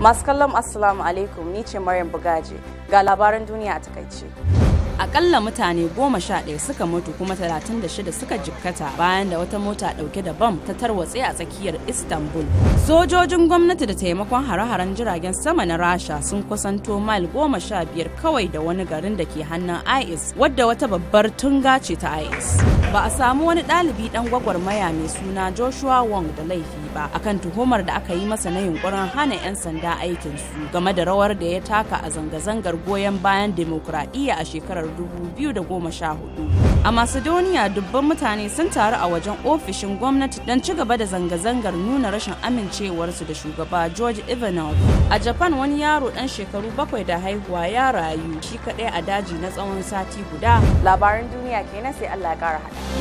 Masu kallon Assalamu alaikum ni ce Maryam Bugaje ga labaran duniya a takaice. Akalla mutane goma sha ɗaya suka mutu kuma talatin da shida suka jikkata bayan da wata mota ɗauke da bam ta tarwatse a tsakiyar Istanbul. Sojojin gwamnati da taimakon hare-haren jiragen sama na Rasha sun kusanto mil goma sha biyar kawai da wani garin da ke hannun IS wadda wata babbar tunga ce ta IS. Ba a samu wani ɗalibi ɗan gwagwarmaya mai suna Joshua Wong da laifi ba akan tuhumar da aka yi masa na yunkurin hana 'yan sanda ya aikin su game da rawar da ya taka a zanga-zangar goyon bayan demokuraɗiyya a shekarar 2014. A Macedonia dubban mutane sun taru a wajen ofishin gwamnati don ci gaba da zanga-zangar nuna rashin amincewarsu da shugaba George Ivanov. A Japan wani yaro ɗan shekaru bakwai da haihuwa ya rayu shi kaɗai a daji na tsawon sati guda. Labaran duniya kenan sai Allah ya ƙara haɗa.